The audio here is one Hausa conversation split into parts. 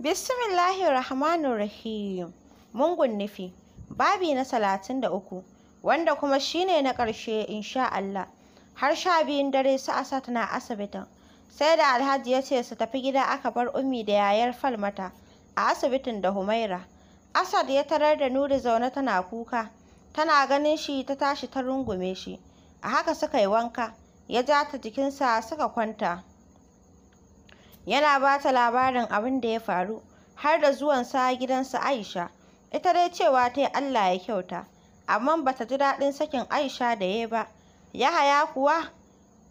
Bismillahir Rahmanir Rahim. Mungun nufi, babi na talatin da uku, wanda kuma shine na ƙarshe insha Allah. Har sha biyun dare su Asad na asibitin. Sai da Alhaji ya ce su tafi gida aka bar Ummi da yayar Falmata a asibitin da Humaira. Asad ya tarar da Nuri zaune tana kuka, tana ganin shi ta tashi ta rungume shi. A haka suka yi wanka, ya ja ta jikinsa suka kwanta. yana ba ta labarin abin da ya faru har da zuwan sa gidansa Aisha. Ita dai cewa ta Allah ya kyauta, amma ba ta ji daɗin sakin Aisha da ya ba. Yahaya kuwa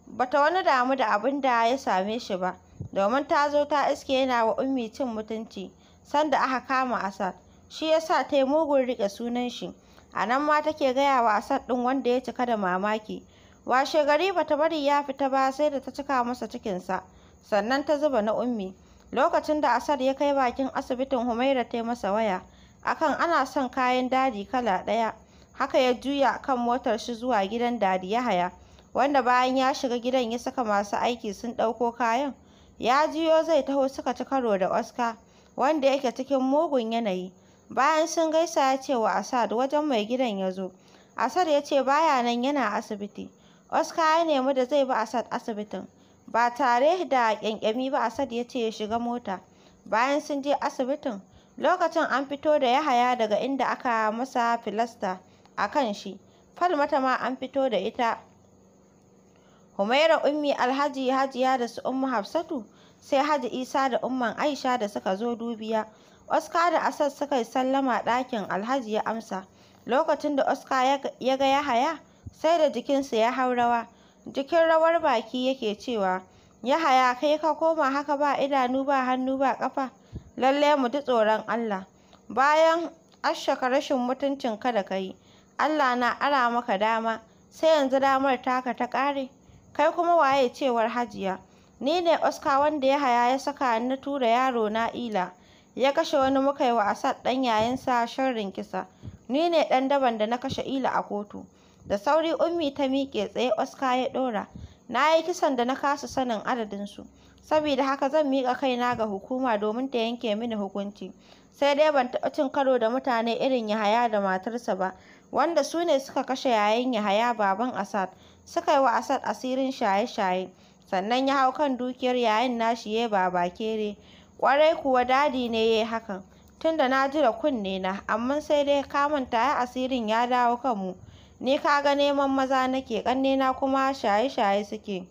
ba ta wani damu da abin da ya same shi ba, domin ta zo ta iske yana wa ummi cin mutunci sanda aka kama Asad. Shi ya sa ta yi mugun rike sunan shi. A nan ma take gaya wa Asad ɗin wanda ya cika da mamaki. Washe gari bata bari ya fita ba sai da ta cika masa cikinsa. sannan ta zuba na ummi lokacin da asar ya kai bakin asibitin humaira ta masa waya akan ana son kayan dadi kala ɗaya haka ya juya kan motar shi zuwa gidan dadi haya. wanda bayan ya shiga gidan ya saka masu aiki sun ɗauko kayan ya jiyo zai taho suka ci karo da oscar wanda yake cikin mugun yanayi bayan sun gaisa ya ce wa asad wajen mai gidan ya zo asad ya ce baya nan yana asibiti oscar ya nemi da zai bi asad asibitin ba tare da ƙyanƙyami ba Asad ya ce ya shiga mota bayan sun je asibitin lokacin an fito da Yahaya daga inda aka masa filasta a kan shi Falmata ma an fito da ita Humaira Ummi Alhaji Hajiya da su Ummu Hafsatu sai Haji Isa da Umman Aisha da suka zo dubiya Oscar da Asad suka yi sallama ɗakin Alhaji ya amsa lokacin da Oscar ya ga Yahaya sai da jikinsu ya hau rawa jikin rawar baki yake cewa Yahaya kai ka koma haka ba idanu ba hannu ba ƙafa lalle mu ji tsoron Allah bayan ashaka rashin mutuncin ka da kai Allah na ara maka dama sai yanzu damar taka ta ƙare kai kuma waye cewar hajiya ni ne Oscar wanda ya haya ya saka na tura yaro na ila ya kashe wani muka yi wa Asad ɗan yayinsa sharrin kisa ni ne ɗan daban da na kashe ila a kotu Da sauri Ummi ta miƙe tsaye Oscar ya ɗora. Na yi kisan da na kasa sanin adadinsu. Saboda haka zan miƙa kaina ga hukuma domin ta yanke mini hukunci. Sai dai ban taɓa cin karo da mutane irin Yahaya da matarsa ba, wanda su ne suka kashe yayan Yahaya baban Asad, suka yi wa Asad asirin shaye-shaye, sannan ya hau kan dukiyar yayan shi ya baba kere. Ƙwarai kuwa dadi ne ya yi hakan, tunda na ji da kunne na, amma sai dai ka manta ya asirin ya dawo kanmu. ni ka ga neman maza nake ƙannena kuma shaye-shaye suke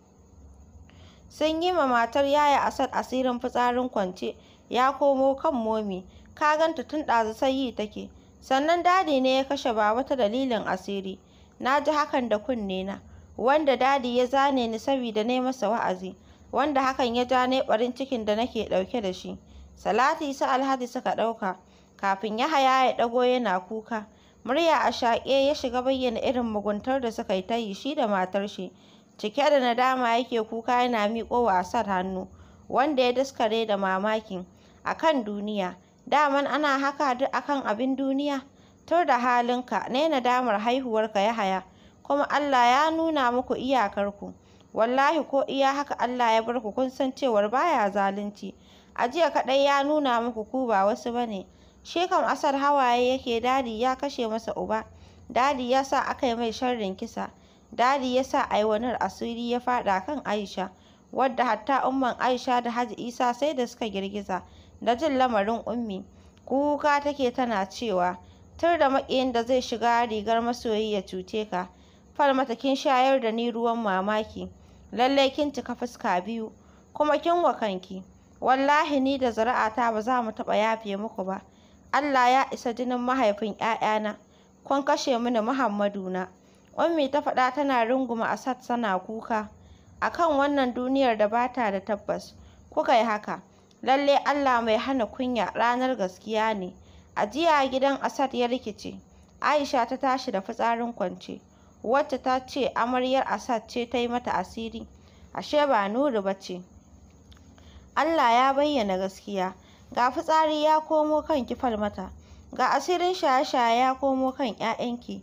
sun yi ma matar yaya Asad asirin fitsarin kwance ya komo kan momi ka ganta tun ɗazu sai yi take sannan dadi ne ya kashe baba ta dalilin asiri na ji hakan da kunne na wanda dadi ya zane ni saboda na masa wa'azi wanda hakan ya ja ni ɓarin cikin da nake ɗauke da shi salati su alhaji suka ɗauka kafin yahaya ya ɗago yana kuka murya a shaƙe ya shiga bayyana irin muguntar da suka yi ta yi shi da matar shi cike da nadama yake kuka yana miƙo wa Asad hannu wanda ya daskare da mamakin kan duniya daman ana haka duk akan abin duniya tur da halinka ne nadamar haihuwarka ya haya kuma Allah ya nuna muku iyakarku wallahi ko iya haka Allah ya bar ku kun san cewar baya zalunci a jiya kaɗai ya nuna muku ku ba wasu ba ne. Shi Asar hawaye yake dadi ya kashe masa uba. Dadi ya sa aka yi mai sharrin kisa. Dadi ya sa aiwanar asiri ya faɗa kan Aisha, wadda hatta umman Aisha da Haji Isa sai da suka girgiza da jin lamarin ummi. Kuka take tana cewa, tun da maƙiyin da zai shiga rigar masoyi ya cuce ka. Falmata kin shayar da ni ruwan mamaki. Lallai kin cika fuska biyu, kuma kin wa kanki. Wallahi ni da zuri'ata ba za mu taɓa yafe muku ba. Allah ya isa jinin mahaifin ‘ya'yana, kun kashe mini Muhammaduna. Ummi ta faɗa tana runguma Asad sana kuka. A kan wannan duniyar da ba ta da tabbas, kuka yi haka. Lallai Allah mai hana kunya ranar gaskiya ne. A gidan Asad ya rikice. Aisha ta tashi da fitsarin kwance, wacce ta ce amaryar Asad ce ta yi mata asiri, ashe ba Nuri ba ce. Allah ya bayyana gaskiya. ga fitsari ya komo kan kifar mata, ga asirin shaye-shaye ya komo kan 'ya'yanki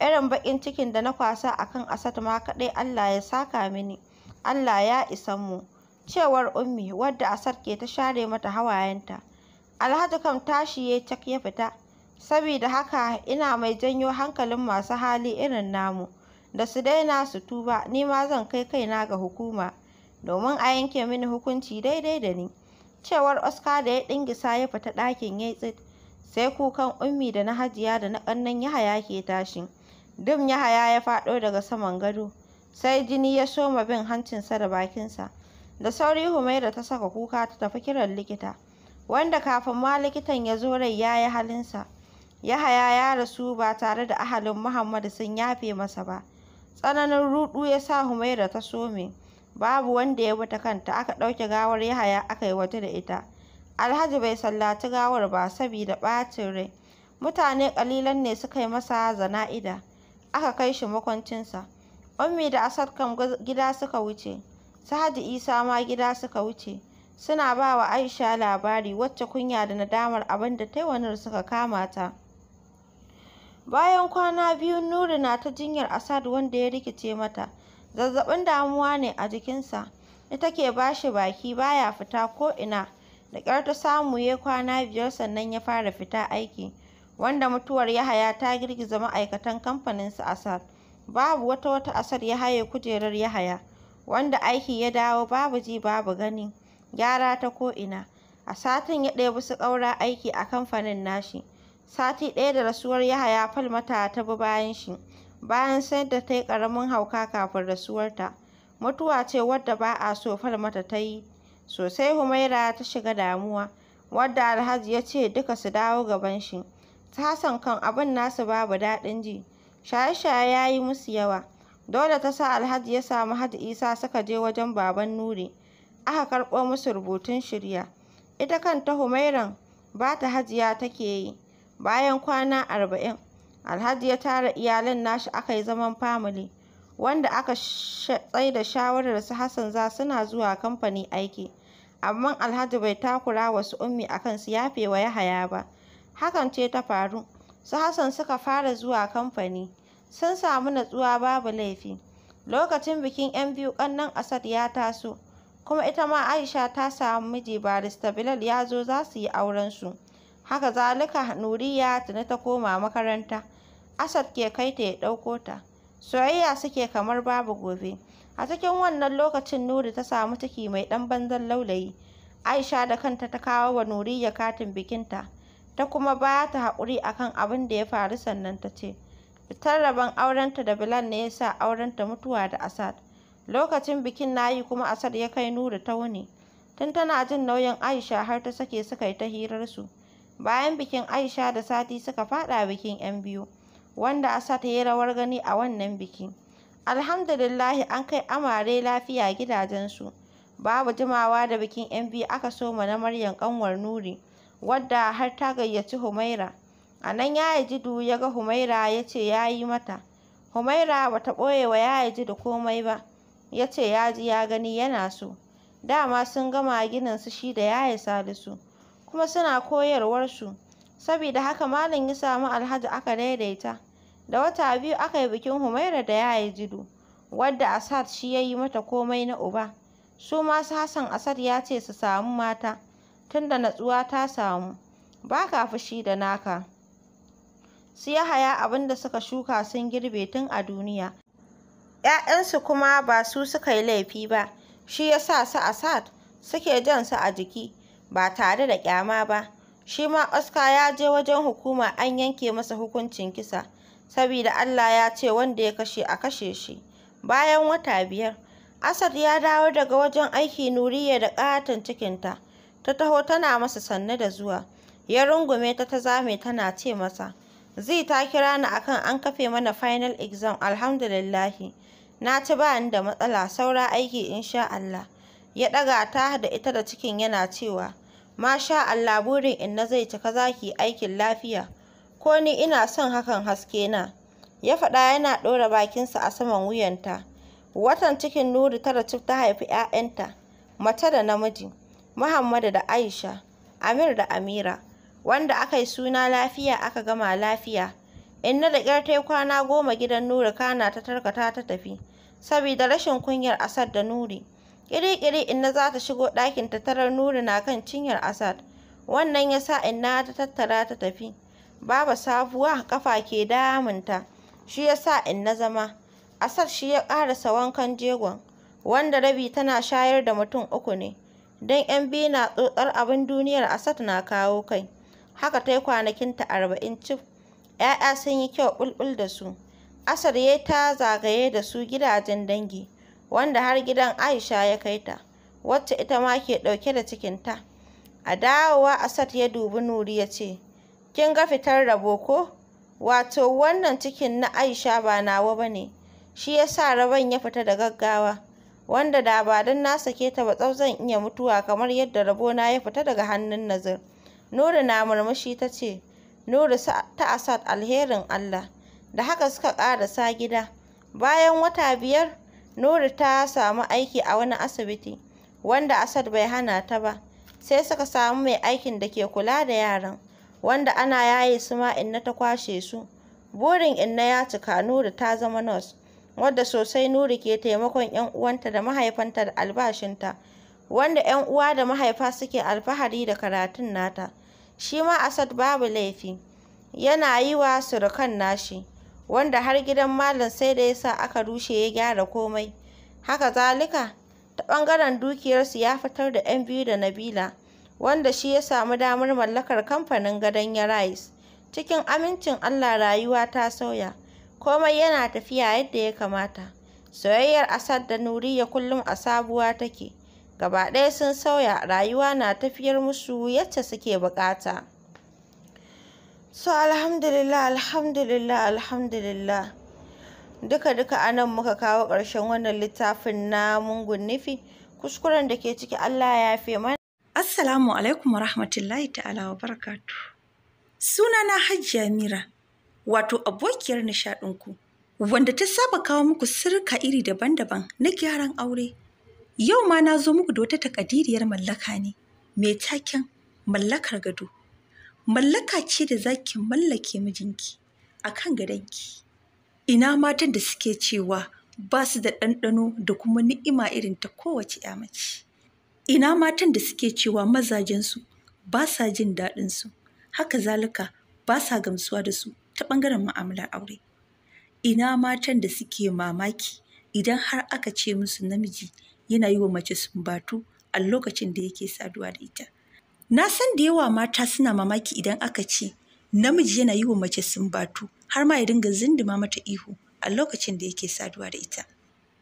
irin baƙin cikin da na kwasa a kan asad ma kaɗai allah ya saka mini allah ya isan mu cewar ummi wadda asad ke ta share mata hawayenta alhaji kam tashi ya cak ya fita sabida haka ina mai janyo hankalin masu hali irin namu da su daina su tuba ni ma zan kai kaina ga hukuma domin a yanke mini hukunci daidai da ni cewar Oscar da ya dingisa ya fita ɗakin ya tsit sai kukan ummi da na hajiya da na ƙannen Yahaya ke tashi dum Yahaya ya faɗo daga saman gado sai jini ya soma bin hancinsa da bakinsa da sauri Humaira ta saka kuka ta tafi kiran likita wanda kafin ma likitan ya zo rai ya yi halinsa Yahaya ya rasu ba tare da ahalin Muhammadu sun yafe masa ba tsananin ruɗu ya sa Humaira ta some babu wanda ya bi ta kanta aka ɗauke gawar Yahaya aka yi wata da ita Alhaji bai sallaci gawar ba saboda ɓacin rai mutane ƙalilan ne suka yi masa zana'ida aka kai shi makwancinsa Ummi da Asad kam gida suka wuce Sahadu Isa ma gida suka wuce suna ba wa Aisha labari wacce kunya da nadamar abin da Taiwanar suka kama ta bayan kwana biyu Nuri na ta jinyar Asad wanda ya rikice mata zazzaɓin damuwa ne a jikinsa ita ke ba shi baki baya fita ko'ina da ƙyar ta samu ya kwana biyar sannan ya fara fita aiki wanda mutuwar Yahaya ta girgiza ma'aikatan kamfanin su Asad babu wata wata asar ya haye kujerar Yahaya wanda aiki ya dawo babu ji babu gani gyara ta ko'ina a satin ya ɗebi su ƙaura aiki a kamfanin nashi sati ɗaya da rasuwar Yahaya Falmata ta bi bayan shi bayan sai da ta yi ƙaramin hauka kafin rasuwarta. Mutuwa ce wadda ba a so far mata ta yi. Sosai Humaira ta shiga damuwa, wadda Alhaji ya ce duka su dawo gaban shi. Ta Hassan kan abin nasu babu daɗin ji. Shaye-shaye ya yi musu yawa. Dole ta sa Alhaji ya samu Hajji Isa suka je wajen Baban Nuri. Aka karɓo musu rubutun shirya. Ita kanta Humairan ba ta hajiya take yi bayan kwana arba'in. Alhaji ya tara iyalan nashi aka yi zaman famili, wanda aka tsaida shawarar su Hassan za suna zuwa kamfani aiki, amma Alhaji bai takura wa su Ummi akan su yafe wa Yahaya ba. Hakan ce ta faru, su Hassan suka fara zuwa kamfani, sun samu natsuwa babu laifi. Lokacin bikin 'yan biyu ƙannan Asad ya taso, kuma ita ma Aisha ta samu miji barista Bilal ya zo za su yi auren su haka zalika nuriya tuni ta koma makaranta asad ke kai ta ya ɗauko ta soyayya suke kamar babu gobe a cikin wannan lokacin nuri ta samu ciki mai ɗan banzan laulayi aisha da kanta ta kawo wa nuriya katin bikinta ta kuma ba ta haƙuri akan abin da ya faru sannan ta ce fitar rabon aurenta da bilal ne ya sa aurenta mutuwa da asad lokacin bikin nayi kuma asad ya kai nuri ta wuni tun tana jin nauyin aisha har ta sake suka yi ta hirarsu bayan bikin aisha da sati suka fada bikin yan biyu wanda asad ya yi rawar gani a wannan biki alhamdulillahi an kai amare lafiya gidajensu babu jimawa da bikin yan biyu aka soma na maryam ƙanwar nuri wadda har ta gayyaci humaira a nan yaya jidu ya ga humaira ya ce ya yi mata humaira bata ɓoye wa yaya jidu komai ba ya ce ya ji ya gani yana so dama sun gama ginin su shi da yaya salisu kuma suna koyarwarsu saboda haka malam ya samu alhaji aka daidaita da wata biyu aka yi bikin humaira da yaya jidu. wadda asad shi ya yi mata komai na uba su masu hassan asad ya ce su samu mata tunda natsuwa ta samu ba ka fushi da naka su yahaya abin da suka shuka sun girbe tun a duniya ‘ya'yansu kuma ba su suka yi laifi ba shi ya sa su asad suke jan su a jiki ba tare da kyama ba shi ma Oscar ya je wajen hukuma an yanke masa hukuncin kisa saboda Allah ya ce wanda ya kashe a kashe shi bayan wata biyar Asad ya dawo daga wajen aiki Nuriya da ƙatan cikinta ta taho tana masa sanne da zuwa ya rungume ta ta zame tana ce masa zai ta kira ni akan an kafe mana final exam alhamdulillahi na ci ba ni da matsala saura aiki insha Allah ya ɗaga ta da ita da cikin yana cewa Masha Allah burin Inna zai cika zaki aikin lafiya. Ko ni ina son hakan haske na. Ya faɗa yana ɗora bakinsa a saman wuyanta. Watan cikin Nuri tara cif ta haifi 'ya'yanta, mace da namiji, Muhammadu da Aisha, Amir da Amira, wanda aka yi suna lafiya aka gama lafiya. Inna da ƙyar ta kwana goma gidan Nuri kana ta tarkata ta tafi, saboda rashin kunyar Asad da Nuri. Ƙiri-ƙiri inna za ta shigo ɗakin ta tarar Nuri na kan cinyar Asad. Wannan ya sa inna ta tattara ta tafi. Baba sabuwa kafa ke damunta. Shi ya sa inna zama. Asad shi ya ƙarasa wankan jegon. Wanda rabi tana shayar da mutum uku ne. Don 'yan biyu na tsotsar abin duniyar Asad na kawo kai. Haka ta yi kwanakin ta arba'in cif. 'Ya'ya sun yi kyau ɓulɓul da su. Asad ya ta zagaye da su gidajen dangi. wanda har gidan Aisha ya kai ta, wacce ita ma ke ɗauke da cikinta. A dawowa Asad ya dubi Nuri ya ce, Kin ga fitar rabo ko? Wato wannan cikin na Aisha ba nawa ba ne, shi ya sa rabon ya fita da gaggawa, wanda da ba don na sake ta ba tsau zan iya mutuwa kamar yadda rabo na ya fita daga hannun Nazir. Nuri na murmushi ta ce, Nuri ta Asad alherin Allah. Da haka suka sa gida. Bayan wata biyar, Nuri ta samu aiki a wani asibiti, wanda Asad bai hana ta ba, sai suka samu mai aikin da ke kula da yaran, wanda ana yaye su ma Inna ta kwashe su. Burin Inna ya cika, Nuri ta zama nos, wanda sosai Nuri ke taimakon 'yan uwanta da mahaifanta da albashinta, wanda 'yan uwa da mahaifa suke alfahari da karatun nata. Shi ma Asad babu laifi, yana yi wa surukan nashi. wanda har gidan malam sai da ya sa aka rushe ya gyara komai haka zalika ta ɓangaren dukiyarsu ya fitar da 'yan biyu da nabila wanda shi ya samu damar mallakar kamfanin gadon yarayis. cikin amincin allah rayuwa ta sauya komai yana tafiya yadda ya kamata soyayyar asad da nuriya kullum a sabuwa take gaba ɗaya sun sauya rayuwa na tafiyar musu yacce suke buƙata so alhamdulillah alhamdulillah alhamdulillah duka duka anan muka kawo ƙarshen wannan littafin na mungun nufi kuskuren da ke ciki Allah ya fi mana assalamu alaikum rahmatullahi ta'ala wa barakatu na hajjiya mira wato abokiyar nishaɗinku wanda ta saba kawo muku sirka iri daban-daban na gyaran aure yau ma na zo muku da wata takadiriyar mallaka ne mai taken mallakar gado mallaka ce da za ki mallake mijinki a kan gadonki. Ina matan da suke cewa ba su da ɗanɗano da kuma ni'ima irin ta kowace ‘ya mace. Ina matan da suke cewa mazajensu ba sa jin daɗinsu, haka zalika ba sa gamsuwa da su ta ɓangaren ma'amalar aure. Ina matan da suke mamaki idan har aka ce musu namiji yana yi wa mace sumbatu a lokacin da yake saduwa da ita. Na san da yawa mata suna mamaki idan aka ce namiji yana yi wa mace sumbatu har ma ya dinga zinduma mata ihu a lokacin da yake saduwa da ita.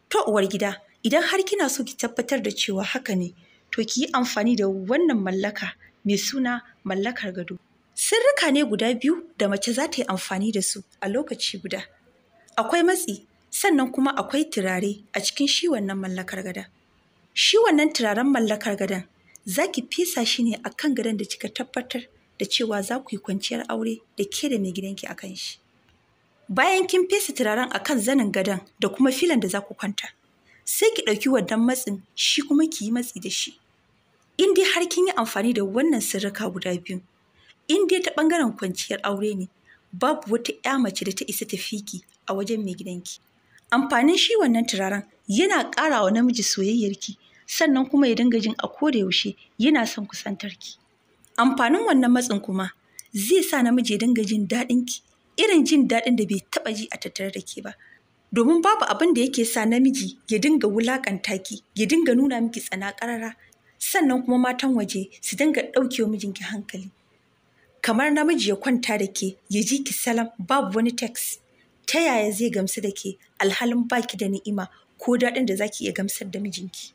To uwar gida, idan har kina so ki tabbatar da cewa haka ne, to ki yi amfani da wannan mallaka mai suna mallakar gado. Sirrika ne guda biyu da mace za ta yi amfani da su a lokaci guda. Akwai matsi, sannan kuma akwai turare a cikin shi wannan mallakar gada. Shi wannan turaren mallakar gadon. za ki fesa shi ne a kan gadon da kika tabbatar da cewa za ku yi kwanciyar aure da ke da mai gidanki a kan shi. Bayan kin fesa turaren a kan zanin gadon da kuma filan da za ku kwanta, sai ki ɗauki wannan matsin shi kuma ki yi matsi da shi. In dai har kin yi amfani da wannan sirrika guda biyu, in dai ta ɓangaren kwanciyar aure ne, babu wata ‘ya mace da ta isa ta fiki a wajen mai gidanki. Amfanin shi wannan turaren yana ƙara wa namiji soyayyarki sannan kuma ya dinga jin a koda yaushe yana son kusantar ki amfanin wannan matsin kuma zai sa namiji ya dinga jin daɗin ki irin jin daɗin da bai taɓa ji a tattare da ke ba domin babu abin da yake sa namiji ya dinga wulaƙanta ki ya dinga nuna miki tsana ƙarara sannan kuma matan waje su dinga ɗauke wa mijinki hankali kamar namiji ya kwanta da ke ya ji ki salam babu wani teks, ta yaya zai gamsu da ke alhalin baki da ni'ima ko daɗin da zaki iya gamsar da mijinki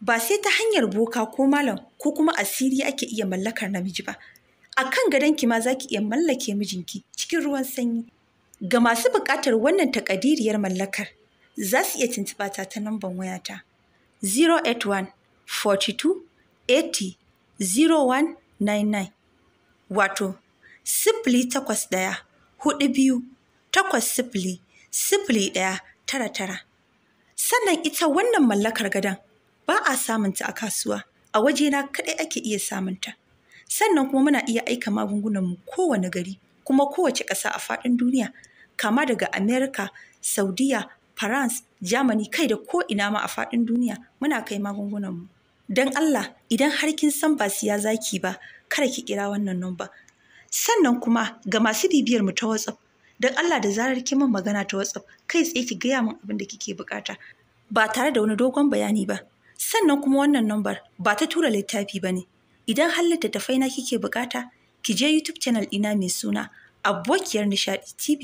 ba sai ta hanyar boka ko malam ko kuma asiri ake iya mallakar namiji ba a kan gadonki ma za ki iya mallake mijinki cikin ruwan sanyi ga masu buƙatar wannan takadiriyar mallakar za su iya tuntuɓa ta ta namban wayata 081 42 80 0199 wato sifili takwas ɗaya hudu biyu takwas sifili sifili ɗaya tara tara sannan ita wannan mallakar gadon ba a samunta a kasuwa a wajena kaɗai ake iya samunta sannan kuma muna iya aika magungunan mu kowane gari kuma kowace ƙasa a faɗin duniya kama daga america saudiya france germany kai da ko ina ma a faɗin duniya muna kai magungunan mu. don allah idan har kin san ba siya zaki ba kada ki kira wannan namba sannan kuma ga masu bibiyar mu ta whatsapp don allah da zarar kin min magana ta whatsapp kai tsaye ki gaya min abin da kike bukata ba tare da wani dogon bayani ba sannan kuma wannan number ba ta tura littafi ba ne idan har littattafai na kike bukata ki je youtube channel ɗina mai suna abokiyar nishaɗi tv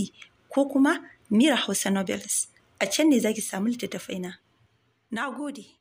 ko kuma mira hausa novels a can ne ki samu littattafai na na gode